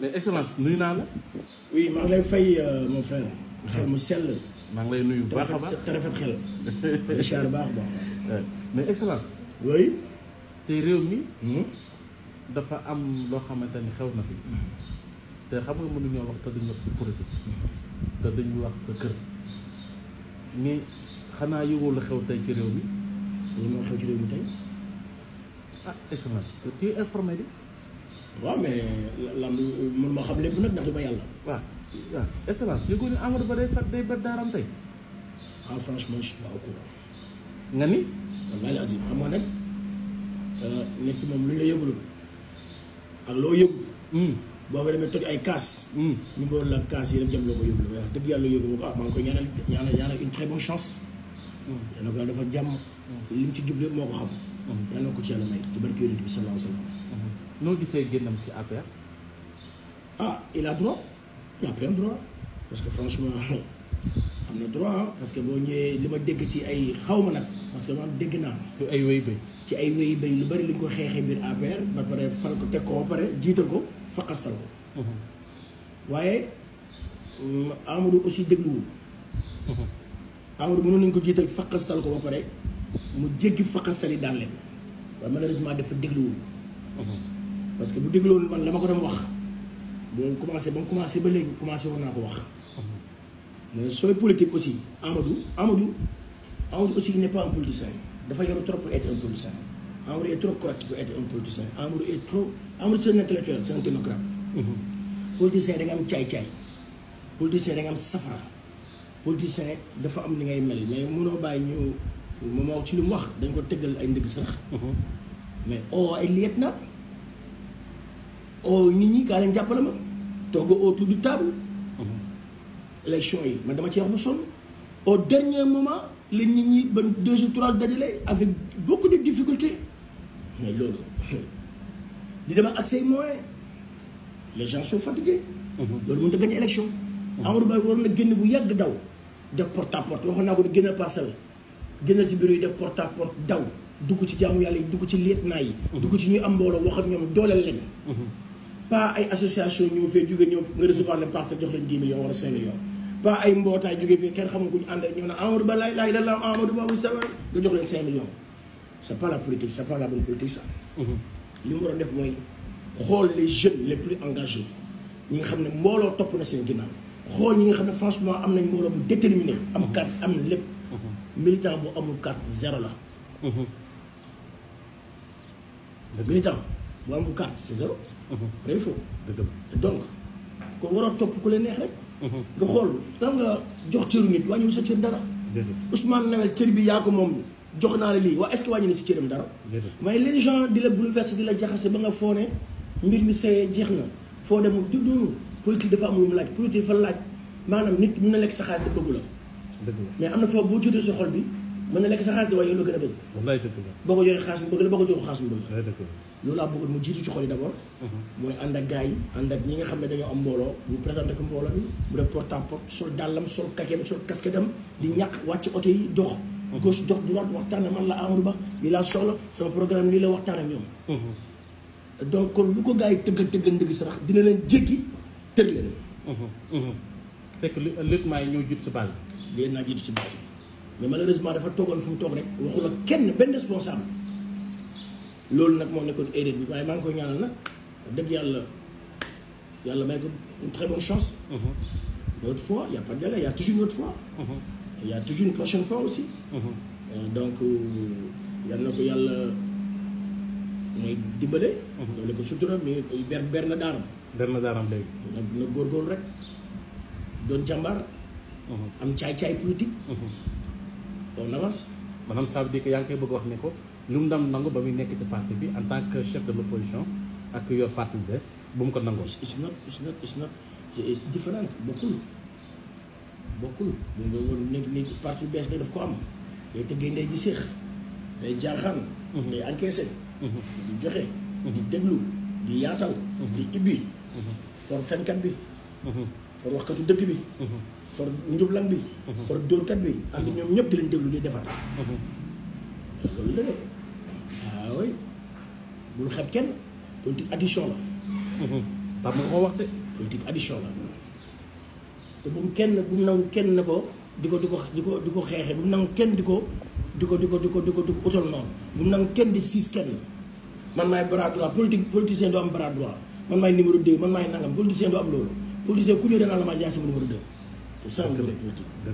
mais excellence nuyu naa la. oui maa lay fay euh, mon frère. mu sell. maa ngi lay nuyu bu baax a baax te rafet xel. baax baax. mais excellence. oui. te réew mi. Hmm? dafa am loo xamante ni xew na fi. te xam nga mënuñoo wax te duñ wax si politique. te duñ wax sa kër. ni xanaa yëgoo la xew tey ci réew mi. li ma xew ci réew mi tey. ah excellence tu es informé bi. waaw mais la mën ma xam lépp nag ndax du ma yàlla. waaw waaw excellence yëgul ne Amadou Ba day fat day bat daaram tey. ah franchement je suis au courant. nga ni. wallaahi azim xam nga nag euh, nekk moom lu ñu la yëgulul ak loo yëgul. Hmm. boo demee toj ay kaas. Hmm. ñu boole la kaas yi rek jëm la ko yóbbu la wax dëgg yàlla yóbbu ma ko ah maa ngi koy ñaanal ñaanal une très bonne chance. Hmm. yàlla ko dafa jàmm. li ci jublu moo ko xam. yal ko ci yàlla may ci barke yonent bi sallallahu alayhi wa sallam. Mhm. noo gisee génnam ci APR. ah il a droit il a plein droit parce que franchement am na droit parce que boo ñëwee li ma dégg ci ay xaw ma nag parce que man dégg naa. ci ay wéy ci ay wéy béy lu bari li ñu ko xeexee biir APR ba pare fal ko teg ko ba pare jiital ko faqastal ko. Mhm. waaye mm, Amadou aussi dégluwul. Mhm. Amadou mënoon nañu ko jiital faqastal ko ba pare mu jéggi faqastal yi daan leen. waaye malheureusement dafa dégluwul. Mhm. parce que bu dégluwul man la ma ko doon wax. boo commencé ba mu commencé ba léegi commencé woon naa ko wax. Mhm. mais sooy politique aussi Amadou Amadou Amadou aussi il n'est pas un politicien dafa yoru trop pour être un politicien Amadou est trop correct pour être un politicien Amadou est trop Amadou c'est un intellectuel c'est un démocrate. Mhm. politicien da nga am caay-caay politicien da nga am safara politicien dafa am ni ngay mel mais mënoo bàyyi ñu. moom moo ci lu mu wax dañ ko tëggal ay ndëgg sarax mais oo ay liet na nit ñi kaa leen jàppale ma togg autour du table élection yi ma dama ci wax bu sol o dernier moment la nit ñi ba deux ou trois dajale avec beaucoup de difficultés mais loolu di dama ak say moyens les gens sont loolu mënut te gañ élection Amadou Ba waroon na génn bu yàgg daw def porte à porte waxoon naa ko ne génn parcelle génnal ci bureau yi def porte porte daw dugg ci jaamu yàlla yi dugg ci lieutenant yi. Mhm. dugg ci ñuy am mbooloo wax ak ñoom dooleel leen. Mhm. pas ay association ñoo fee jóge ñëw nga recevoir leen parce que jox leen 10 millions wala 5 millions. pas ay mbootaay jóge fii kenn xamul ku ñu ànd ak ñoo ne xool les jeunes les plus ñi nga xam ne mbooloo topp na seen ginnaaw xool ñi nga xam ne franchement am nañ mbooloo bu déterminé. am carte mhm. am lépp. Mhm. militant bu amul carte zéro la. Mhm. dëgg militant bu amul carte c'est zéro. day mhm. faux. dëgg donc war a topp ku leen neex rek. nga xool xam nga jox cëru nit wàññiwul sa cër dara. Ousmane Nawel cër bi yaa ko moom jox naa la lii waa est-ce que wàññi na si cëram dara. mais les di la bouleverser di la jaxase ba nga foone mbir mi see jeex na foo dem du du politique dafa am lu mu laaj politique dafa laaj maanaam nit mun na lekk sa xaalis te dugg la. mais am na foofu boo jiitu si xol bi mën na lekk sa xaalis di waaye yow gën a bëgg wallaay dëgg la boo ko joxee xaalis mu bëgg la boo ko joxu xaalis mu bëgg loolu laa bëggoon mu jiitu ci xol yi d'abord mhm. mooy ànd ak gars yi ànd ak ñi nga xam ne dañoo am mbooloo ñu présenté ko mbooloo bi mu def porte à porte sol dàllam sol kakeem sol casquettam di ñàkk wàcc oto yi dox mhm. gauche dox droite waxtaan ak man Ba lii laa soxla sama programme lii la waxtaan ak ñoom mhm. donc kon lu ko léegi naa jiitu ci base mais malheureusement dafa toogoon fu mu toog rek waxul ak kenn benn responsable loolu nag moo nekkoon erreur bi waaye maa ngi koy ñaanal nag dëgg yàlla yàlla may ko une très bonne chance. d'autres mm-hmm. fois y a pas de délai a toujours une mm-hmm. mm-hmm. euh, euh, na ko yàlla mooy dimbale. loolu mi ber ber na daaram. ber na daaram léegi. na rek doon jàmbaar. Mhm. am caay-caay politique. Mhm. on avance. maanaam ça veut dire que yaa ngi koy bëgg wax ne ko lu mu daan nangu ba muy nekk ci parti bi en tant que chef de l' opposition ak yor parti bees des bu mu ko nangoo. is not is not is not is different bokkul bokkul moom la woon nekk bees ne daf ko am day tëggee ndey gi séex day jaaxaan. Mhm. day encaissé. di joxe. di déglu di yaatal. di ibbi. for fenkat bi. for waxkatu dëkk bi. for njublan bi. Mhm. for dóorkat bi. am mhm. na ñoom ñëpp di leen déglu di defar. Mhm. loolu la de waaw ah oui bul xeeb kenn politique addition la. Pape nga ko wax de. politique addition la te bu mu kenn bu mu nangu kenn ne ko di ko di ko di ko di ko xeexee bu mu nangu kenn di ko di ko di ko di ko di ko utal noonu bu mu nangu kenn di siis kenn man maay bras droit politique politicien doo am bras droit man maay numéro 2 man maay nangam politicien doo am loolu politicien ku ñëw danaa la maa jaay sama numéro 2. sang la dëgg la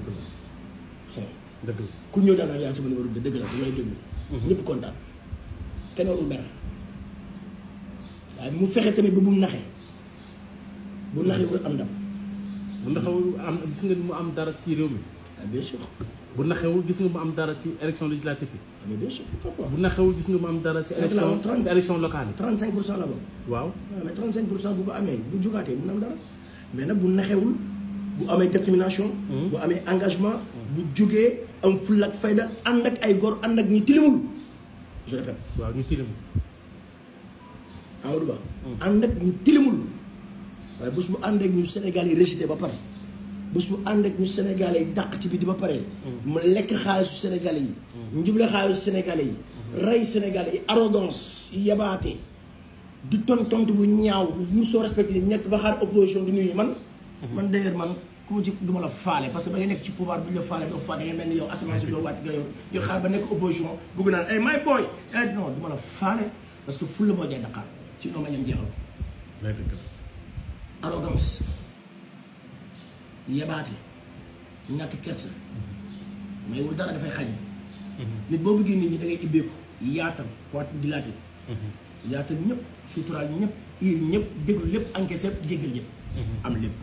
sang dëgg la ku ñëw daanaka yaa sama numéro dëgg la damay déglu mhm. ñëpp kontaan kenn warul dara waaye mu fexe tamit ba bu mu naxee bu naxee wul am ndam bu naxewul am gis nga mu am dara ci réew mi ah bien sûr bu naxewul gis nga mu am dara ci élection législative yi ah mais bien sûr pourquoi pas bu naxewul gis nga mu am dara ci élection ci élection locale yi 35 pour cent la ba waaw waaw ah, mais 35 pour cent bu ko amee bu jugaatee mun am dara mais nag bu naxewul bu amee détermination. Hmm. bu amee engagement. bu jógee am fulla ak fayda ànd ak ay góor ànd ak ñi tilimul je répète. waaw ñi tilimul. Amadou Ba. Hmm. ànd ak ñu tilimul waaye bés bu ànd ak ñu Sénégal yi rejeté ba pare bés bu ànd ak ñu Sénégal yi dàq ci biti ba pare. ma hmm. lekk xaalisu Sénégal yi. njublu xaalisu Sénégal yi. rey Sénégal yi arrogance yabaate. di tontontu bu ñaaw mu soo respecté nekk ba xaar opposition di nuyu man. man d'ailleurs man ku ma ci du la faale parce que ngay nekk ci pouvoir bu ñu la faale doo faale da ngay mel ni yow asamaan si doo wàcc nga yow yow xaar ba nekk opposition bëgg naa ay eh, may booy ay eh, non du ma la faale parce que fulla moo jaay Dakar ci noonu la ñu jeexal ko arrogance yebaate ñàkk kersa mais wul dara dafay xañe mhm. nit boo bëggee nit ñi da ngay ibbeeku yaatal waat dilaate mhm. yaatal ñëpp suturaal ñëpp ir ñëpp déglu lépp encaissé yëpp jéggal ñëpp mhm. am lépp